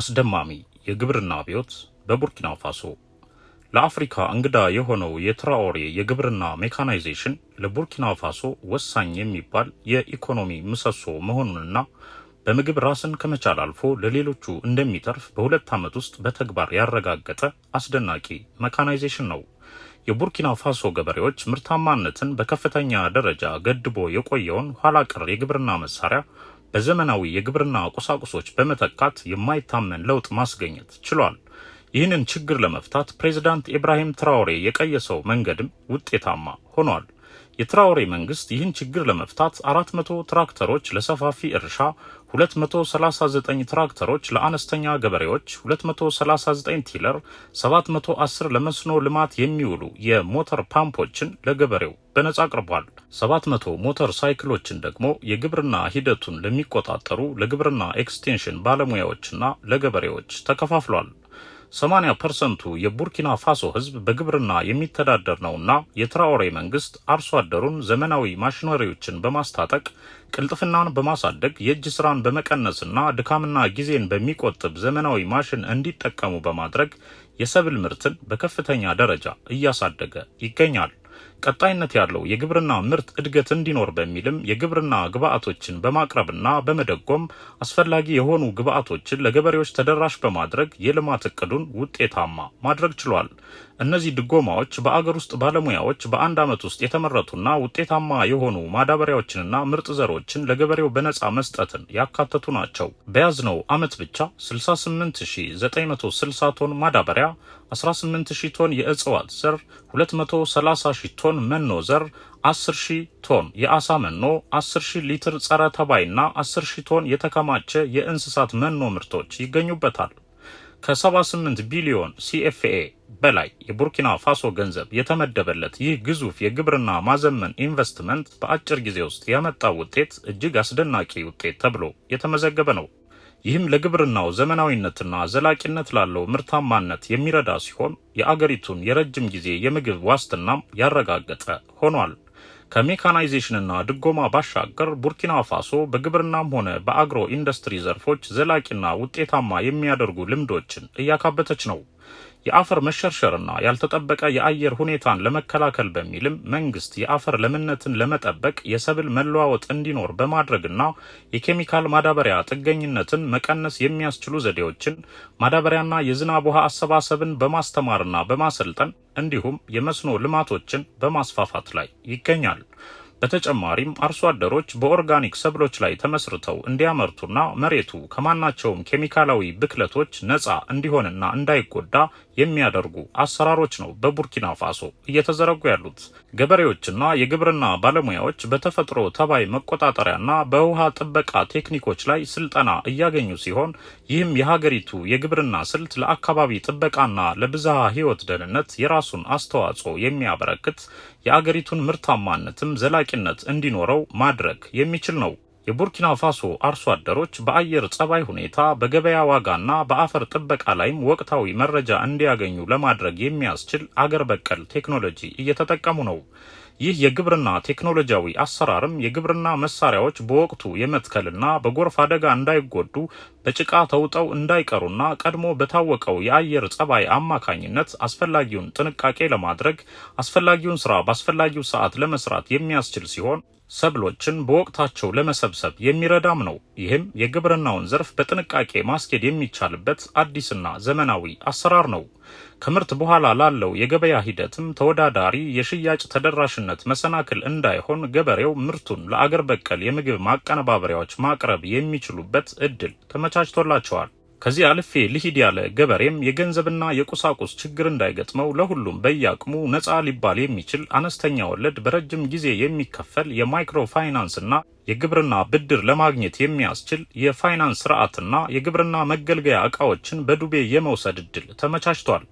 አስደማሚ የግብርና አብዮት በቡርኪና ፋሶ። ለአፍሪካ እንግዳ የሆነው የትራኦሬ የግብርና ሜካናይዜሽን ለቡርኪና ፋሶ ወሳኝ የሚባል የኢኮኖሚ ምሰሶ መሆኑንና በምግብ ራስን ከመቻል አልፎ ለሌሎቹ እንደሚተርፍ በሁለት ዓመት ውስጥ በተግባር ያረጋገጠ አስደናቂ መካናይዜሽን ነው። የቡርኪና ፋሶ ገበሬዎች ምርታማነትን በከፍተኛ ደረጃ ገድቦ የቆየውን ኋላ ቀር የግብርና መሳሪያ በዘመናዊ የግብርና ቁሳቁሶች በመተካት የማይታመን ለውጥ ማስገኘት ችሏል። ይህንን ችግር ለመፍታት ፕሬዚዳንት ኢብራሂም ትራውሬ የቀየሰው መንገድም ውጤታማ ሆኗል። የትራውሬ መንግስት ይህን ችግር ለመፍታት 400 ትራክተሮች ለሰፋፊ እርሻ፣ 239 ትራክተሮች ለአነስተኛ ገበሬዎች፣ 239 ቲለር፣ 710 ለመስኖ ልማት የሚውሉ የሞተር ፓምፖችን ለገበሬው በነጻ አቅርቧል። 700 ሞተር ሳይክሎችን ደግሞ የግብርና ሂደቱን ለሚቆጣጠሩ ለግብርና ኤክስቴንሽን ባለሙያዎችና ለገበሬዎች ተከፋፍሏል። 80 ፐርሰንቱ የቡርኪና ፋሶ ህዝብ በግብርና የሚተዳደር ነውና የትራኦሬ መንግስት አርሶ አደሩን ዘመናዊ ማሽነሪዎችን በማስታጠቅ ቅልጥፍናን በማሳደግ የእጅ ስራን በመቀነስና ድካምና ጊዜን በሚቆጥብ ዘመናዊ ማሽን እንዲጠቀሙ በማድረግ የሰብል ምርትን በከፍተኛ ደረጃ እያሳደገ ይገኛል። ቀጣይነት ያለው የግብርና ምርት እድገት እንዲኖር በሚልም የግብርና ግብዓቶችን በማቅረብና በመደጎም አስፈላጊ የሆኑ ግብዓቶችን ለገበሬዎች ተደራሽ በማድረግ የልማት እቅዱን ውጤታማ ማድረግ ችሏል። እነዚህ ድጎማዎች በአገር ውስጥ ባለሙያዎች በአንድ ዓመት ውስጥ የተመረቱና ውጤታማ የሆኑ ማዳበሪያዎችንና ምርጥ ዘሮችን ለገበሬው በነፃ መስጠትን ያካተቱ ናቸው። በያዝነው ዓመት ብቻ 68960 ቶን ማዳበሪያ፣ 18000 ቶን የእጽዋት ዘር፣ 230000 ቶን መኖ ዘር 10 ቶን የአሳ መኖ 10 ሊትር ጸረ ተባይና 10 ቶን የተከማቸ የእንስሳት መኖ ምርቶች ይገኙበታል። ከ78 ቢሊዮን ሲኤፍኤ በላይ የቡርኪና ፋሶ ገንዘብ የተመደበለት ይህ ግዙፍ የግብርና ማዘመን ኢንቨስትመንት በአጭር ጊዜ ውስጥ ያመጣው ውጤት እጅግ አስደናቂ ውጤት ተብሎ የተመዘገበ ነው። ይህም ለግብርናው ዘመናዊነትና ዘላቂነት ላለው ምርታማነት የሚረዳ ሲሆን የአገሪቱን የረጅም ጊዜ የምግብ ዋስትናም ያረጋገጠ ሆኗል። ከሜካናይዜሽንና ድጎማ ባሻገር ቡርኪና ፋሶ በግብርናም ሆነ በአግሮ ኢንዱስትሪ ዘርፎች ዘላቂና ውጤታማ የሚያደርጉ ልምዶችን እያካበተች ነው። የአፈር መሸርሸርና ያልተጠበቀ የአየር ሁኔታን ለመከላከል በሚልም መንግስት የአፈር ለምነትን ለመጠበቅ የሰብል መለዋወጥ እንዲኖር በማድረግና የኬሚካል ማዳበሪያ ጥገኝነትን መቀነስ የሚያስችሉ ዘዴዎችን ማዳበሪያና የዝናብ ውሃ አሰባሰብን በማስተማርና በማሰልጠን እንዲሁም የመስኖ ልማቶችን በማስፋፋት ላይ ይገኛል። በተጨማሪም አርሶ አደሮች በኦርጋኒክ ሰብሎች ላይ ተመስርተው እንዲያመርቱና መሬቱ ከማናቸውም ኬሚካላዊ ብክለቶች ነፃ እንዲሆንና እንዳይጎዳ የሚያደርጉ አሰራሮች ነው በቡርኪና ፋሶ እየተዘረጉ ያሉት። ገበሬዎችና የግብርና ባለሙያዎች በተፈጥሮ ተባይ መቆጣጠሪያና በውሃ ጥበቃ ቴክኒኮች ላይ ስልጠና እያገኙ ሲሆን ይህም የሀገሪቱ የግብርና ስልት ለአካባቢ ጥበቃና ለብዝሃ ሕይወት ደህንነት የራሱን አስተዋጽኦ የሚያበረክት የአገሪቱን ምርታማነትም ዘላቂነት እንዲኖረው ማድረግ የሚችል ነው። የቡርኪና ፋሶ አርሶ አደሮች በአየር ጸባይ ሁኔታ፣ በገበያ ዋጋና በአፈር ጥበቃ ላይም ወቅታዊ መረጃ እንዲያገኙ ለማድረግ የሚያስችል አገር በቀል ቴክኖሎጂ እየተጠቀሙ ነው። ይህ የግብርና ቴክኖሎጂያዊ አሰራርም የግብርና መሳሪያዎች በወቅቱ የመትከልና በጎርፍ አደጋ እንዳይጎዱ በጭቃ ተውጠው እንዳይቀሩና ቀድሞ በታወቀው የአየር ጸባይ አማካኝነት አስፈላጊውን ጥንቃቄ ለማድረግ አስፈላጊውን ስራ በአስፈላጊው ሰዓት ለመስራት የሚያስችል ሲሆን ሰብሎችን በወቅታቸው ለመሰብሰብ የሚረዳም ነው። ይህም የግብርናውን ዘርፍ በጥንቃቄ ማስኬድ የሚቻልበት አዲስና ዘመናዊ አሰራር ነው። ከምርት በኋላ ላለው የገበያ ሂደትም ተወዳዳሪ የሽያጭ ተደራሽነት መሰናክል እንዳይሆን ገበሬው ምርቱን ለአገር በቀል የምግብ ማቀነባበሪያዎች ማቅረብ የሚችሉበት እድል ተመቻችቶላቸዋል። ከዚህ አልፌ ልሂድ ያለ ገበሬም የገንዘብና የቁሳቁስ ችግር እንዳይገጥመው ለሁሉም በየአቅሙ ነፃ ሊባል የሚችል አነስተኛ ወለድ በረጅም ጊዜ የሚከፈል የማይክሮ ፋይናንስና የግብርና ብድር ለማግኘት የሚያስችል የፋይናንስ ስርዓትና የግብርና መገልገያ እቃዎችን በዱቤ የመውሰድ እድል ተመቻችቷል።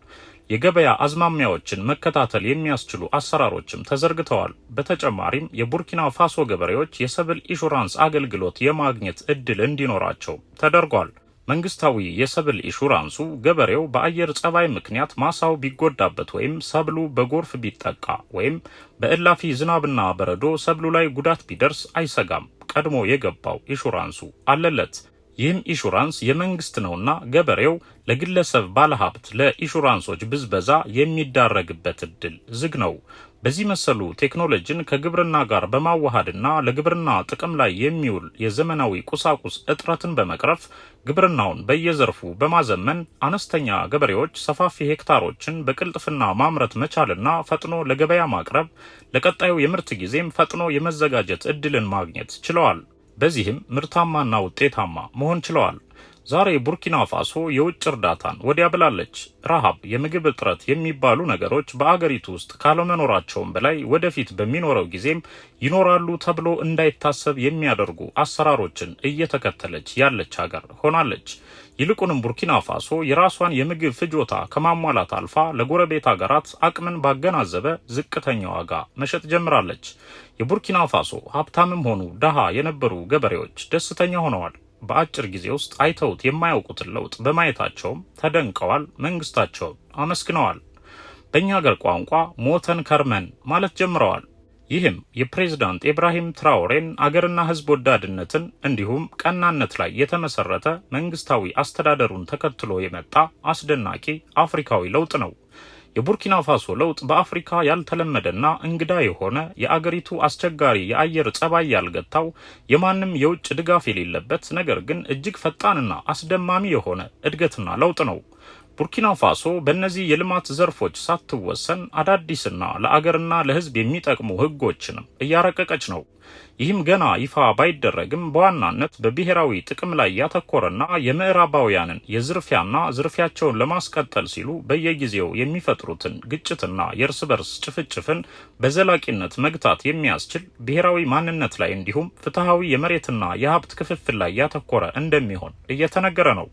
የገበያ አዝማሚያዎችን መከታተል የሚያስችሉ አሰራሮችም ተዘርግተዋል። በተጨማሪም የቡርኪና ፋሶ ገበሬዎች የሰብል ኢንሹራንስ አገልግሎት የማግኘት እድል እንዲኖራቸው ተደርጓል። መንግስታዊ የሰብል ኢንሹራንሱ ገበሬው በአየር ጸባይ ምክንያት ማሳው ቢጎዳበት ወይም ሰብሉ በጎርፍ ቢጠቃ ወይም በእላፊ ዝናብና በረዶ ሰብሉ ላይ ጉዳት ቢደርስ አይሰጋም። ቀድሞ የገባው ኢንሹራንሱ አለለት። ይህም ኢንሹራንስ የመንግስት ነውና ገበሬው ለግለሰብ ባለሀብት ለኢንሹራንሶች ብዝበዛ የሚዳረግበት እድል ዝግ ነው። በዚህ መሰሉ ቴክኖሎጂን ከግብርና ጋር በማዋሃድና ለግብርና ጥቅም ላይ የሚውል የዘመናዊ ቁሳቁስ እጥረትን በመቅረፍ ግብርናውን በየዘርፉ በማዘመን አነስተኛ ገበሬዎች ሰፋፊ ሄክታሮችን በቅልጥፍና ማምረት መቻልና ፈጥኖ ለገበያ ማቅረብ ለቀጣዩ የምርት ጊዜም ፈጥኖ የመዘጋጀት እድልን ማግኘት ችለዋል። በዚህም ምርታማና ውጤታማ መሆን ችለዋል። ዛሬ ቡርኪና ፋሶ የውጭ እርዳታን ወዲያ ብላለች። ረሃብ፣ የምግብ እጥረት የሚባሉ ነገሮች በአገሪቱ ውስጥ ካለመኖራቸውም በላይ ወደፊት በሚኖረው ጊዜም ይኖራሉ ተብሎ እንዳይታሰብ የሚያደርጉ አሰራሮችን እየተከተለች ያለች ሀገር ሆናለች። ይልቁንም ቡርኪና ፋሶ የራሷን የምግብ ፍጆታ ከማሟላት አልፋ ለጎረቤት ሀገራት አቅምን ባገናዘበ ዝቅተኛ ዋጋ መሸጥ ጀምራለች። የቡርኪና ፋሶ ሀብታምም ሆኑ ደሃ የነበሩ ገበሬዎች ደስተኛ ሆነዋል። በአጭር ጊዜ ውስጥ አይተውት የማያውቁትን ለውጥ በማየታቸውም ተደንቀዋል፣ መንግስታቸውን አመስግነዋል። በእኛ ሀገር ቋንቋ ሞተን ከርመን ማለት ጀምረዋል። ይህም የፕሬዝዳንት ኢብራሂም ትራውሬን አገርና ሕዝብ ወዳድነትን እንዲሁም ቀናነት ላይ የተመሰረተ መንግስታዊ አስተዳደሩን ተከትሎ የመጣ አስደናቂ አፍሪካዊ ለውጥ ነው። የቡርኪና ፋሶ ለውጥ በአፍሪካ ያልተለመደና እንግዳ የሆነ የአገሪቱ አስቸጋሪ የአየር ጸባይ ያልገታው የማንም የውጭ ድጋፍ የሌለበት ነገር ግን እጅግ ፈጣንና አስደማሚ የሆነ እድገትና ለውጥ ነው። ቡርኪና ፋሶ በእነዚህ የልማት ዘርፎች ሳትወሰን አዳዲስና ለአገርና ለሕዝብ የሚጠቅሙ ሕጎችንም እያረቀቀች ነው። ይህም ገና ይፋ ባይደረግም በዋናነት በብሔራዊ ጥቅም ላይ ያተኮረና የምዕራባውያንን የዝርፊያና ዝርፊያቸውን ለማስቀጠል ሲሉ በየጊዜው የሚፈጥሩትን ግጭትና የእርስ በርስ ጭፍጭፍን በዘላቂነት መግታት የሚያስችል ብሔራዊ ማንነት ላይ እንዲሁም ፍትሐዊ የመሬትና የሀብት ክፍፍል ላይ ያተኮረ እንደሚሆን እየተነገረ ነው።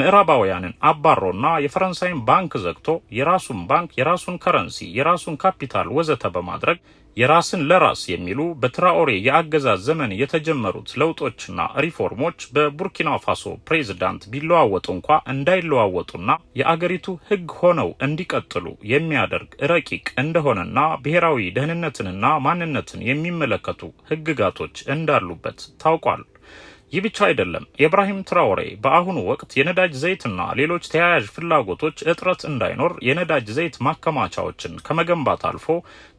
ምዕራባውያንን አባሮና የፈረንሳይን ባንክ ዘግቶ የራሱን ባንክ፣ የራሱን ከረንሲ፣ የራሱን ካፒታል ወዘተ በማድረግ የራስን ለራስ የሚሉ በትራኦሬ የአገዛዝ ዘመን የተጀመሩት ለውጦችና ሪፎርሞች በቡርኪና ፋሶ ፕሬዝዳንት ቢለዋወጡ እንኳ እንዳይለዋወጡና የአገሪቱ ሕግ ሆነው እንዲቀጥሉ የሚያደርግ ረቂቅ እንደሆነና ብሔራዊ ደህንነትንና ማንነትን የሚመለከቱ ሕግጋቶች እንዳሉበት ታውቋል። ይህ ብቻ አይደለም። ኢብራሂም ትራውሬ በአሁኑ ወቅት የነዳጅ ዘይትና ሌሎች ተያያዥ ፍላጎቶች እጥረት እንዳይኖር የነዳጅ ዘይት ማከማቻዎችን ከመገንባት አልፎ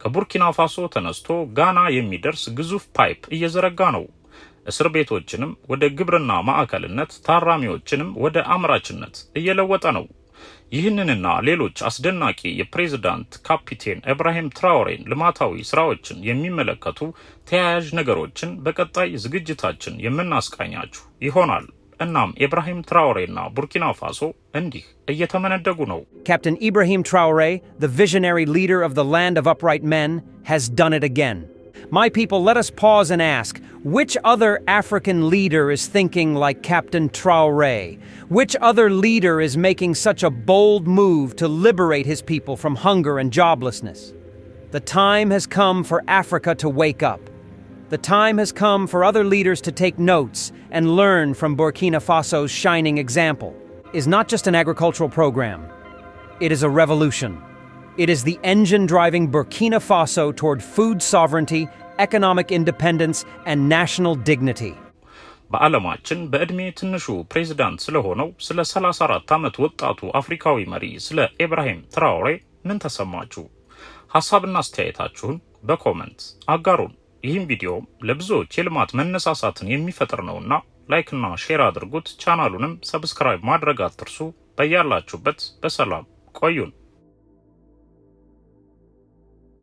ከቡርኪና ፋሶ ተነስቶ ጋና የሚደርስ ግዙፍ ፓይፕ እየዘረጋ ነው። እስር ቤቶችንም ወደ ግብርና ማዕከልነት፣ ታራሚዎችንም ወደ አምራችነት እየለወጠ ነው። ይህንንና ሌሎች አስደናቂ የፕሬዝዳንት ካፒቴን ኢብራሂም ትራውሬን ልማታዊ ስራዎችን የሚመለከቱ ተያያዥ ነገሮችን በቀጣይ ዝግጅታችን የምናስቃኛችሁ ይሆናል። እናም ኢብራሂም ትራውሬና ቡርኪና ፋሶ እንዲህ እየተመነደጉ ነው። ካፕቴን ኢብራሂም ትራውሬ ቪዥነሪ ሊደር ኦፍ ላንድ ኦፍ land መን upright men has done My people, let us pause and ask, which other African leader is thinking like Captain Traoré? Which other leader is making such a bold move to liberate his people from hunger and joblessness? The time has come for Africa to wake up. The time has come for other leaders to take notes and learn from Burkina Faso's shining example. Is not just an agricultural program, it is a revolution. It is the engine driving Burkina Faso toward food sovereignty, economic independence, and national dignity. በዓለማችን በዕድሜ ትንሹ ፕሬዚዳንት ስለሆነው ስለ 34 ዓመት ወጣቱ አፍሪካዊ መሪ ስለ ኢብራሂም ትራውሬ ምን ተሰማችሁ? ሀሳብና አስተያየታችሁን በኮመንት አጋሩን። ይህም ቪዲዮም ለብዙዎች የልማት መነሳሳትን የሚፈጥር ነውና ላይክና ሼር አድርጉት። ቻናሉንም ሰብስክራይብ ማድረግ አትርሱ። በያላችሁበት በሰላም ቆዩን።